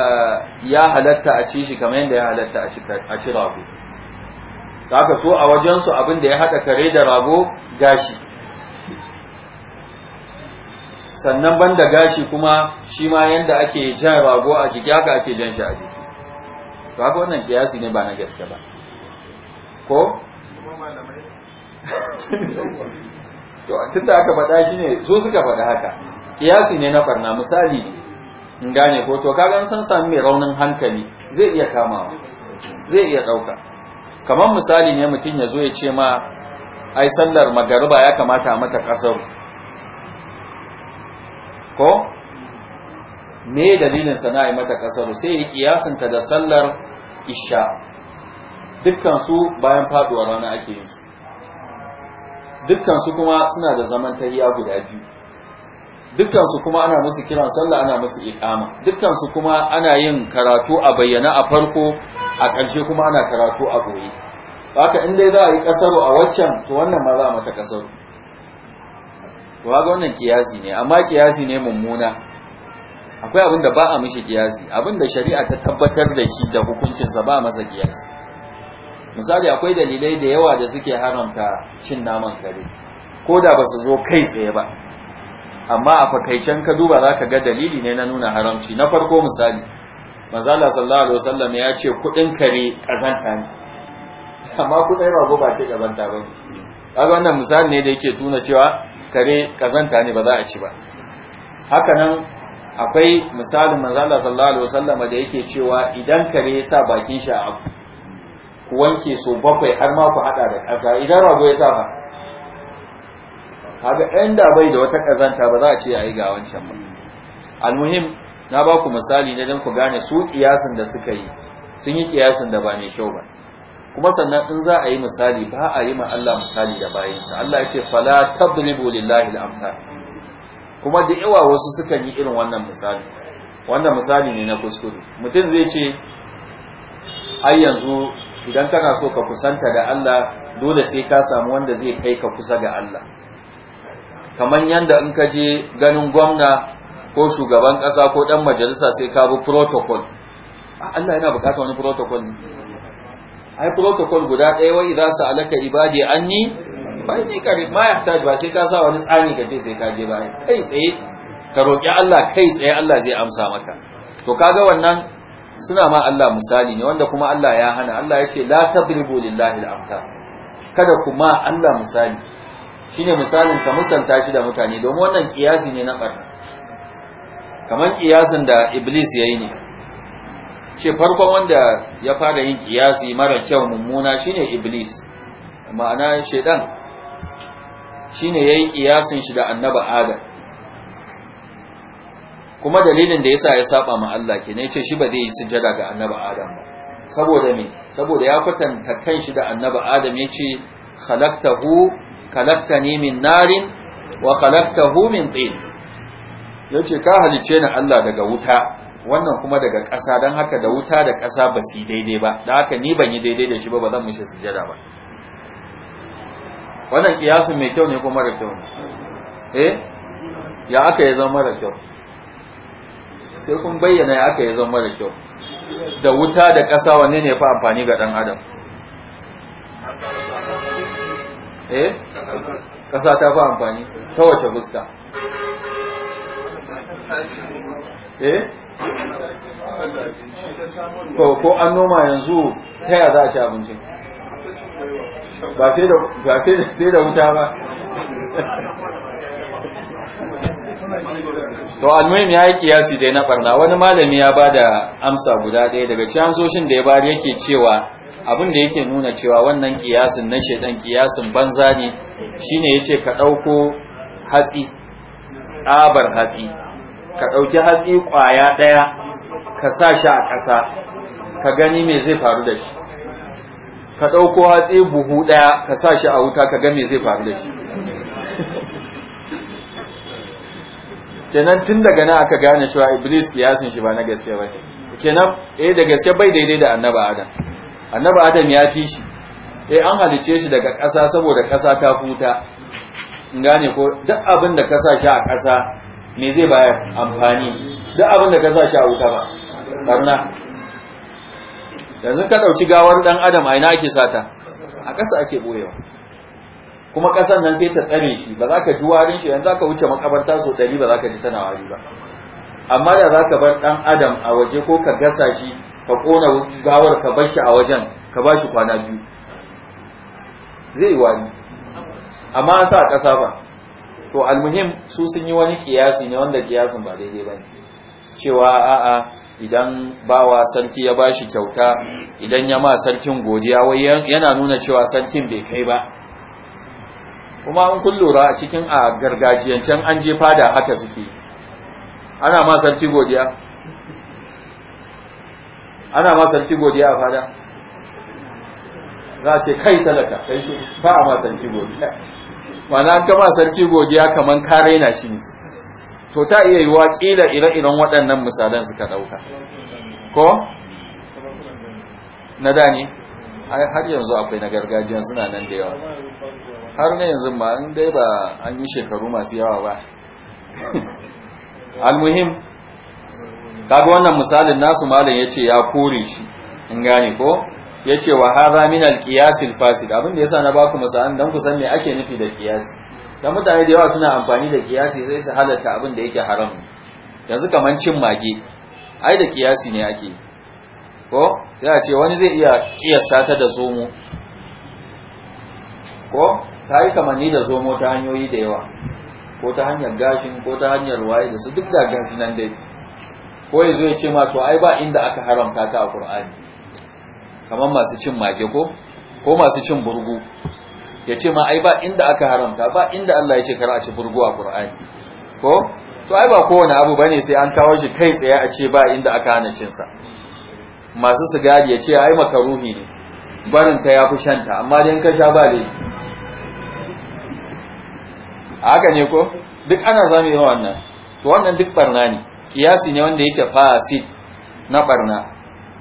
eh, ya halatta a ci shi kamar yadda ya halatta a ci rago da haka so a wajensu abin da ya haɗa kare da rago gashi sannan banda gashi kuma shi ma yadda ake jan rago a jiki haka ake jan shi a jiki to haka wannan kiyasi ne ba na gaske ba ko to tun da aka faɗa shi ne su suka faɗa haka kiyasi ne na barna misali in gane ko to kaga an san sami mai raunin hankali zai iya kamawa zai iya ɗauka kamar misali ne mutum ya zo ya ce ma ai sallar magariba ya kamata a mata ƙasar ko me dalilin sana yi mata ƙasar sai ya kiyasinta da sallar isha dukkan su bayan faduwar rana ake yin su dukkan su kuma suna da zaman tahiya guda biyu dukkan su kuma ana musu kiran sallah ana musu iqama dukkan su kuma ana yin karatu a bayyana a farko a ƙarshe kuma ana karatu a goye haka in dai za a yi kasaro a waccan to wannan ma za a mata kasaro to haka wannan kiyasi ne amma kiyasi ne mummuna akwai abin da ba a mishi kiyasi abin da shari'a ta tabbatar da shi da hukuncinsa ba masa kiyasi misali akwai dalilai da yawa da suke haramta cin naman kare ko da ba su zo kai tsaye ba amma a fakaicen ka duba za ka ga dalili ne na nuna haramci na farko misali mazala sallallahu alaihi wasallam ya ce kudin kare kazanta ne amma kudin go ba ce kazanta ba ne kaga wannan misali ne da yake tuna cewa kare kazanta ne ba za a ci ba haka nan akwai misalin mazala sallallahu alaihi wasallam da yake cewa idan kare ya sa bakin shi a abu ku wanke su bakwai har ma ku hada da ƙasa idan rago ya sa ba ɗan inda bai da wata kazanta ba za a ce ayi ga wancan ba almuhim na ba ku misali ne don ku gane su kiyasin da suka yi sun yi kiyasin da ba mai kyau ba kuma sannan in za a yi misali ba a yi ma Allah misali da bayinsa Allah ya ce fala tadribu lillahi al-amsal kuma da yawa wasu suka yi irin wannan misali wannan misali ne na kuskure mutum zai ce ai yanzu idan kana so ka kusanta da Allah dole sai ka samu wanda zai kai ka kusa ga Allah kamar yanda in ka je ganin gwamna ko shugaban ƙasa ko ɗan majalisa sai ka bi protocol Allah yana buƙatar wani protocol ne ai protocol guda ɗaya wai za su alaka ibadi anni bai ne kare ma ya ta ba sai ka sa wani tsani ka ce sai ka je ba kai tsaye ka roƙi Allah kai tsaye Allah zai amsa maka to kaga wannan suna ma Allah misali ne wanda kuma Allah ya hana Allah ya ce la tadribu lillahi al kada kuma Allah misali shine misalin ka musanta shi da mutane domin wannan kiyasi ne na barna kamar kiyasin da iblis yayi ne ce farkon wanda ya fara yin kiyasi mara kyau mummuna shine iblis ma'ana shedan shine yayi kiyasin shi da annabi adam kuma dalilin da yasa ya saba ma Allah kenan yace shi ba zai yi sujjada ga annabi Adam ba saboda me saboda ya kwatanta kanshi da annabi Adam yace khalaqtahu khalaqtani min narin wa khalaqtahu min tin yace ka halice ni Allah daga wuta wannan kuma daga ƙasa don haka da wuta da ƙasa ba su yi daidai ba da haka ni ban yi daidai da shi ba ba zan mishi sujjada ba wannan kiyasin mai kyau ne kuma mara kyau ne eh ya aka ya zama mara kyau sai kun bayyana ya aka ya zama da kyau da wuta da ƙasa wanne ne fa amfani ga ɗan adam eh ƙasa ta fi amfani ta wace fuska eh ko an noma yanzu ta ya za a ci abincin ba sai da wuta ba to almuhim ya yi kiyasi dai na barna wani malami ya ba da amsa guda ɗaya daga cikin da ya bari yake cewa abin da yake nuna cewa wannan kiyasin na shaidan kiyasin banza ne shine yace ka ɗauko hatsi tsabar hatsi ka ɗauki hatsi ƙwaya ɗaya ka sa shi a ƙasa ka gani me zai faru da shi ka ɗauko hatsi buhu ɗaya ka sa shi a wuta ka ga me zai faru da shi kenan tun daga nan aka gane cewa iblis kiyasin shi ba na gaske ba kenan eh da gaske bai daidai da annaba adam annaba adam ya fi shi eh an halice shi daga ƙasa saboda ƙasa ta huta gane ko duk abin da ka sa shi a ƙasa me zai bayar amfani duk abin da ka sa shi a wuta ba barna yanzu ka ɗauki gawar ɗan adam a ina ake sata a ƙasa ake boyewa kuma ƙasan nan sai ta tsare shi ba za ka ji warin shi yanzu za ka wuce makabarta sau ɗari ba za ka ji tana wari ba amma da za ka bar ɗan adam a waje ko ka gasa shi ka ƙona gawar ka bar shi a wajen ka ba shi kwana biyu zai wari amma an sa a ƙasa ba to almuhim su sun yi wani kiyasi ne wanda kiyasin ba daidai ba cewa a'a idan bawa sarki ya ba shi kyauta idan ya ma sarkin godiya wai yana nuna cewa sarkin bai kai ba kuma an kun lura a cikin a gargajiyancen an je fada haka suke ana ma sarki godiya ana ma sarki godiya a fada za a ce kai talaka kai su ba a ma sarki godiya mana an kama sarki godiya kamar kare na shi ne to ta iya yi yiwa kila ire-iren waɗannan misalan suka ɗauka ko na da ne har yanzu akwai na gargajiya suna nan da yawa har na yanzu ma in dai ba an yi shekaru masu yawa ba almuhim kaga wannan misalin nasu malam ce ya kore shi in gane ko ya ce wa hadha min alkiyasin fasid abin da sa na baku misalin don ku san me ake nufi da kiyasi Don mutane da yawa suna amfani da kiyasi sai su halatta abin da yake haram yanzu kamar cin mage ai da kiyasi ne ake ko ya ce wani zai iya kiyasta ta da zomo ko ta yi kamanni da zomo ta hanyoyi da yawa ko ta hanyar gashin ko ta hanyar waye da su duk da gashin nan dai ko ya zo ya ce ma to ai ba inda aka haramta ta a ƙur'ani kamar masu cin mage ko ko masu cin burgu ya ce ma ai ba inda aka haramta ba inda Allah ya ce kar a ci burgu a ƙur'ani ko to ai ba kowane abu bane sai an kawo shi kai tsaye a ce ba inda aka hana cin sa masu sigari ya ce ai makaruhi ne barin ta yafi shanta amma dan ka sha ba laifi haka ne ko duk ana zama yawan wannan to wannan duk barna ne kiyasi ne wanda yake fasid na barna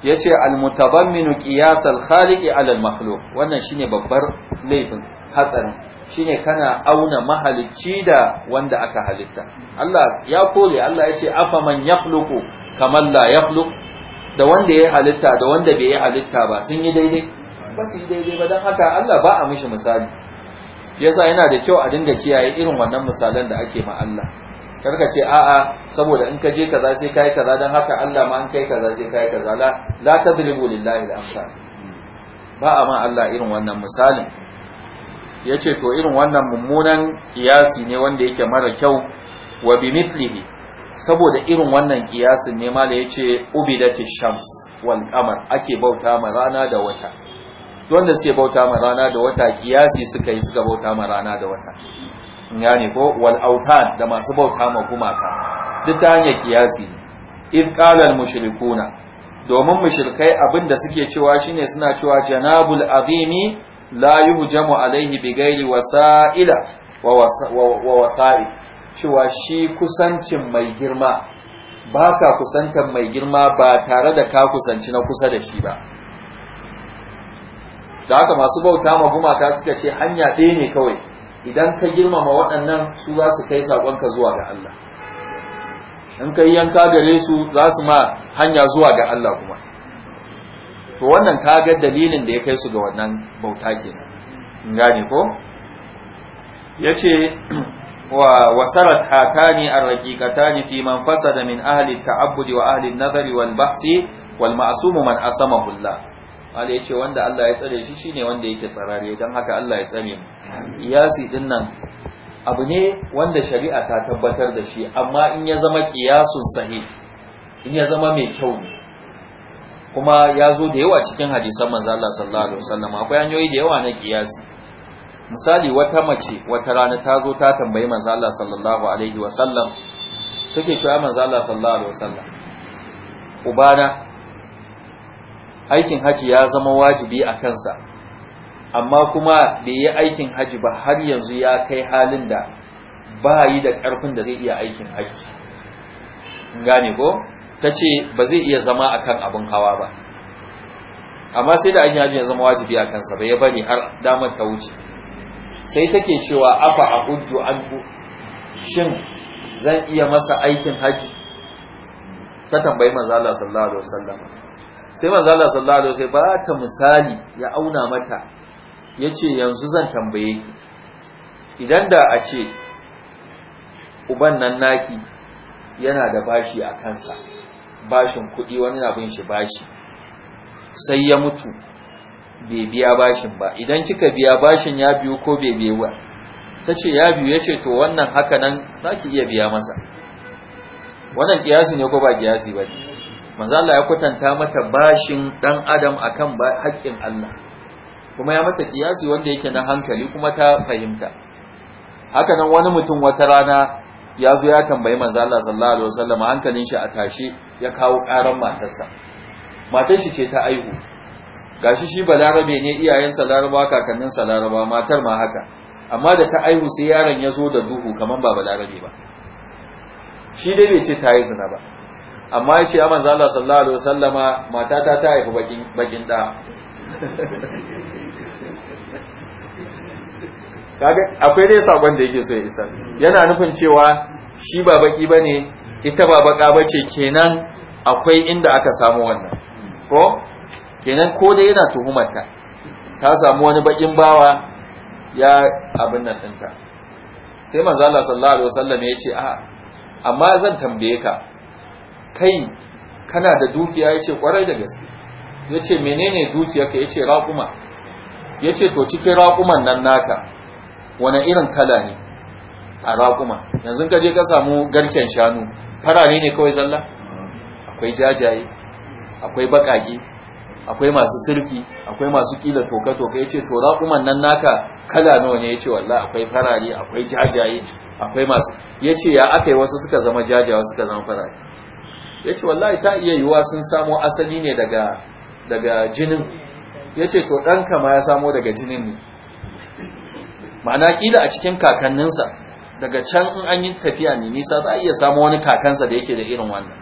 yace almutabamminu qiyas alkhaliqi ala almakhluq wannan shine babbar laifin hatsarin shine kana auna mahalicci da wanda aka halitta Allah ya kore Allah yace afa man yakhluqu kaman la yakhluq da wanda ya halitta da wanda bai halitta ba sun yi daidai ba sun yi daidai ba dan haka Allah ba a mishi misali yasa yana da kyau a dinga kiyaye irin wannan misalan da ake ma Allah karka ce a'a saboda in ka je kaza sai kai kaza dan haka Allah ma in kai kaza sai kai kaza la la tadribu lillahi al-amsal ba a ma Allah irin wannan misalin yace to irin wannan mummunan kiyasi ne wanda yake mara kyau wa bimithlihi saboda irin wannan kiyasin ne da yace ubidati shams wal qamar ake bauta ma rana da wata wanda suke bauta ma rana da wata kiyasi suka yi suka bauta ma rana da wata yani ko wal autan da masu bauta ma gumaka duk ta hanyar kiyasi in qala al mushrikuna domin mushrikai abinda suke cewa shine suna cewa janabul azimi la yuhjamu alaihi bi ghairi wasa'ila wa wasa'i cewa shi kusancin mai girma baka kusantar mai girma ba tare da ka kusanci na kusa da shi ba da haka masu bauta ma gumata suka ce hanya ɗaya ne kawai idan ka girmama waɗannan su za su kai saƙonka zuwa ga Allah in ka yi yanka gare su za su ma hanya zuwa ga Allah kuma to wannan ka ga dalilin da ya kai su ga wannan bauta kenan in gane ko Ya ce, wa wasarat hatani arraqiqatani fi man fasada min ahli ta'abbudi wa ahli nazari wal bahsi wal ma'asumu man asamahu wanda ya ce wanda Allah ya tsare shi shine wanda yake tsarare don haka Allah ya tsare mu kiyasi din nan abu ne wanda shari'a ta tabbatar da shi amma in ya zama kiyasun sahih in ya zama mai kyau ne kuma ya zo da yawa cikin hadisan manzo Allah sallallahu alaihi wasallam akwai hanyoyi da yawa na kiyasi misali wata mace wata rana ta zo ta tambayi manzo Allah sallallahu alaihi wasallam take cewa manzo Allah sallallahu alaihi wasallam ubana aikin haji ya zama wajibi a kansa amma kuma da yi aikin haji ba har yanzu ya kai halin da ba yi da ƙarfin da zai iya aikin haji gane ko ta ce ba zai iya zama a kan abin hawa ba amma sai da aikin haji ya zama wajibi a kansa ba ya bari har damar ta wuce sai take cewa afa a hujju an ku. shin zan iya masa aikin haji ta tambayi manzo Allah sallallahu alaihi wasallam sai manzo Allah sallallahu alaihi wasallam ba ta misali ya auna mata yace yanzu zan tambaye ki idan da a ce uban nan naki yana da bashi a kansa bashin kudi wani na bin shi bashi sai ya mutu bai biya bashin ba idan kika biya bashin ya biyu ko bai biyo ba ta ce ya biyu yace to wannan haka nan za ki iya biya masa wannan kiyasi ne ko ba kiyasi ba ne manzo Allah ya kwatanta mata bashin dan adam akan haƙƙin Allah kuma ya mata kiyasi wanda yake na hankali kuma ta fahimta haka nan wani mutum wata rana ya zo ya tambayi manzo Allah sallallahu alaihi wasallam hankalin shi a tashe ya kawo ƙaran matarsa matar shi ce ta aihu gashi shi balarabe ne iyayensa laraba kakanninsa laraba matar ma haka amma da ta aihu sai yaron ya zo da duhu kamar ba balarabe ba shi dai bai ce ta yi zina ba amma ya ce ya manzo Allah sallallahu alaihi wasallama matata ta haifi bakin bakin da akwai dai sakon da yake so ya isa yana nufin cewa shi ba baki bane ita ba baka bace kenan akwai inda aka samu wannan ko kenan ko dai yana tuhumarta ta samu wani bakin bawa ya abin nan ɗinta sai manzo Allah sallallahu alaihi wasallama ya ce a amma zan tambaye ka kai kana da dukiya ya ce kwarai da gaske ya ce menene dukiyarka ya ce raƙuma ya ce to cikin raƙuman nan naka wane irin kala ne a raƙuma yanzu ka je ka samu garken shanu farare ne kawai zalla akwai jajaye akwai baƙaƙe akwai masu sirki akwai masu kila toka-toka ya ce to raƙuman nan naka kala nawa ne ya ce walla akwai farare akwai jajaye akwai masu ya ce ya aka yi wasu suka zama jajaye suka zama farare ya ce wallahi ta iya yiwuwa sun samo asali ne daga jinin ya ce to ɗanka kama ya samo daga jinin ne ma'ana ƙila a cikin kakanninsa daga can in an yi tafiya ne nisa za a iya samo wani kakansa da yake da irin wannan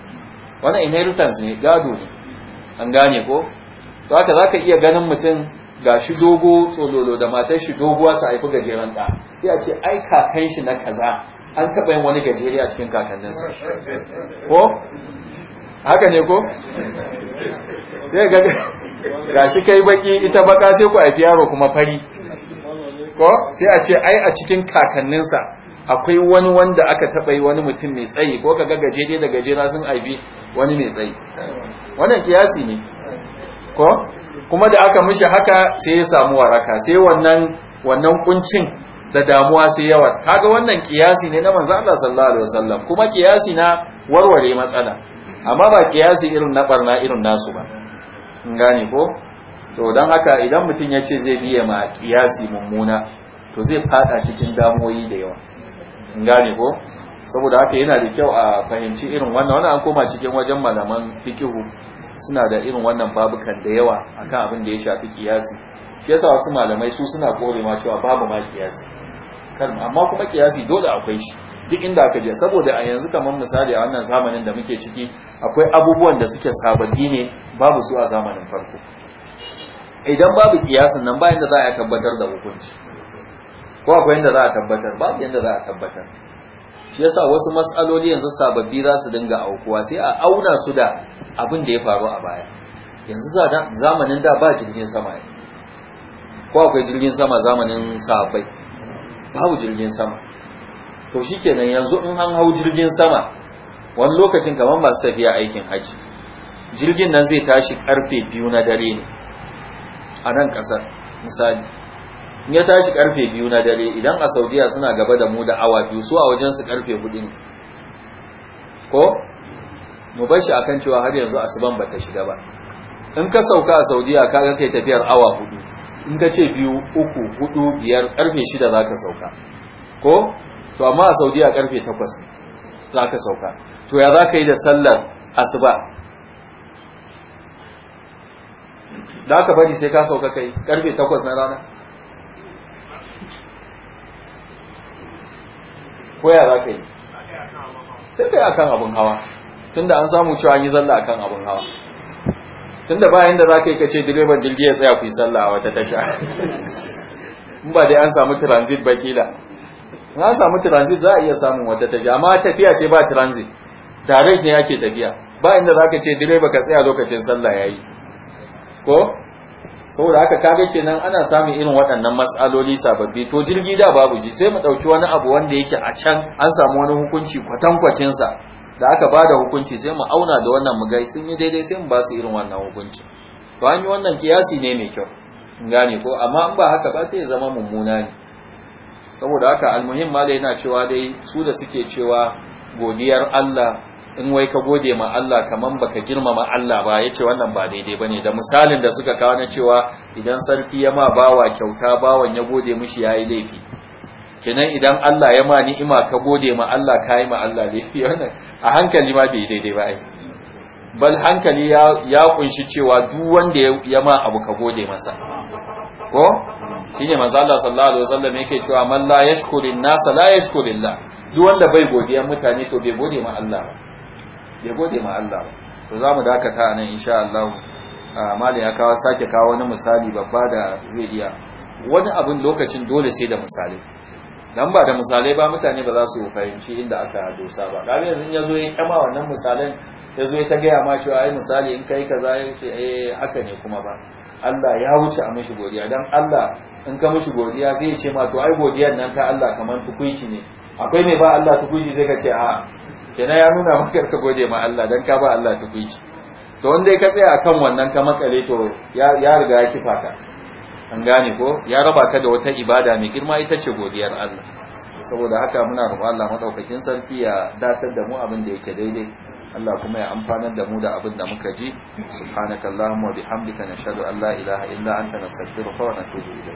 wani inheritance ne gado ne an gane ko to haka za ka iya ganin mutum ga shi dogo tsololo da matar shi doguwa su haifi gajeren ɗa ya ce ai kakan shi na kaza an taɓa yin wani gajeri a cikin kakanninsa ko haka ne ko sai ga shi kai baki ita baka sai ku haifi yaro kuma fari ko sai a ce ai a cikin kakanninsa akwai wani wanda aka taɓa yi wani mutum mai tsayi ko kaga gajere da gajera sun haifi wani mai tsayi wannan kiyasi ne ko kuma da aka mishi haka sai ya samu waraka sai wannan wannan kuncin da damuwa sai yawa kaga wannan kiyasi ne na manzo Allah sallallahu alaihi wasallam kuma kiyasi na warware matsala amma ba kiyasi irin na barna irin nasu ba in gane ko to dan haka idan mutum ya ce zai biye ma kiyasi mummuna to zai fada cikin damuwoyi da yawa in gane ko saboda haka yana da kyau a fahimci irin wannan wannan an koma cikin wajen malaman fikihu suna da irin wannan babukan da yawa akan abin da ya shafi kiyasi shi yasa wasu malamai su suna kore ma cewa babu ma kiyasi kan amma kuma kiyasi dole akwai shi duk inda aka je saboda a yanzu kamar misali a wannan zamanin da muke ciki akwai abubuwan da suke sababbi ne babu su a zamanin farko idan babu kiyasin nan ba yanda za a tabbatar da hukunci ko akwai yanda za a tabbatar babu yanda za a tabbatar shi yasa wasu matsaloli yanzu sababbi za su dinga aukuwa sai a auna su da abin da ya faru a baya yanzu zamanin da ba jirgin sama ne ko akwai jirgin sama zamanin sahabbai babu jirgin sama to shikenan yanzu in an hau jirgin sama wani lokacin kamar masu tafiya aikin haji jirgin nan zai tashi karfe biyu na dare ne a nan ƙasar misali in ya tashi karfe biyu na dare idan a saudiya suna gaba da mu da awa biyu su a wajen su karfe hudu ne ko mu bar shi akan cewa har yanzu asuban ba ta shiga ba in ka sauka a saudiya ka ga kai tafiyar awa hudu in ka ce biyu uku hudu biyar karfe shida za ka sauka ko to amma a saudiya karfe takwas za ka sauka to ya za ka yi da sallar asuba da aka bari sai ka sauka kai karfe takwas na rana ko ya za ka yi sai kai akan abin hawa tunda an samu cewa an yi zalla akan abin hawa tunda bayan da za ka yi ka ce direban jirgi ya tsaya ku yi sallah a wata tasha in ba dai an samu transit ba kila an samu transit za a iya samun wata tasha amma tafiya ce ba transit direct ne ake tafiya ba inda za ka ce direba ka tsaya lokacin sallah ya yi ko saboda haka kaga kenan ana samun irin waɗannan matsaloli sababbi to jirgi da babu ji sai mu ɗauki wani abu wanda yake a can an samu wani hukunci kwatankwacin sa da aka bada hukunci sai mu auna da wannan mu gai sun yi daidai sai mu ba su irin wannan hukunci to an yi wannan kiyasi ne mai kyau gane ko amma in ba haka ba sai ya zama mummuna ne saboda haka almuhim ma yana cewa dai su da suke cewa godiyar Allah in wai ka gode ma Allah kaman baka girmama Allah ba yace wannan ba daidai bane da misalin da suka kawo na cewa idan sarki ya ma bawa kyauta bawan ya gode mishi yayi laifi kenan idan Allah ya ma ni'ima ka gode ma Allah kai ma Allah laifi wannan a hankali ma bai daidai ba ai bal hankali ya ya kunshi cewa duk wanda ya ma abu ka gode masa ko shine manzo Allah sallallahu alaihi wasallam yake cewa man la yashkurin nas la yashkurillah duk wanda bai godiya mutane to bai gode ma Allah ba ya gode ma Allah to za mu dakata a nan insha Allah malin ya kawo sake kawo wani misali babba da zai iya wani abin lokacin dole sai da misali. dan ba da misalai ba mutane ba za su fahimci inda aka dosa ba kaga yanzu ya zo yin kama wannan misalan ya zo ya ta gaya ma shi ai misali in kai kaza ya ce eh haka ne kuma ba Allah ya wuce a mishi godiya dan Allah in ka mishi godiya zai ce ma to ai godiyar nan ta Allah kamar tukuici ne akwai mai ba Allah tukuici sai ka ce a kenan ya nuna maka ka gode ma Allah dan ka ba Allah tukuici to wanda ka tsaya akan wannan ka makale to ya riga ya kifa ka an gane ko ya raba ka da wata ibada mai girma ita ce godiyar Allah saboda haka muna roƙon Allah madaukakin sarki ya datar da mu abin da yake daidai Allah kuma ya amfanar da mu da abin da muka ji subhanakallahumma wa bihamdika nashhadu an la ilaha illa anta nastaghfiruka wa natubu ilayk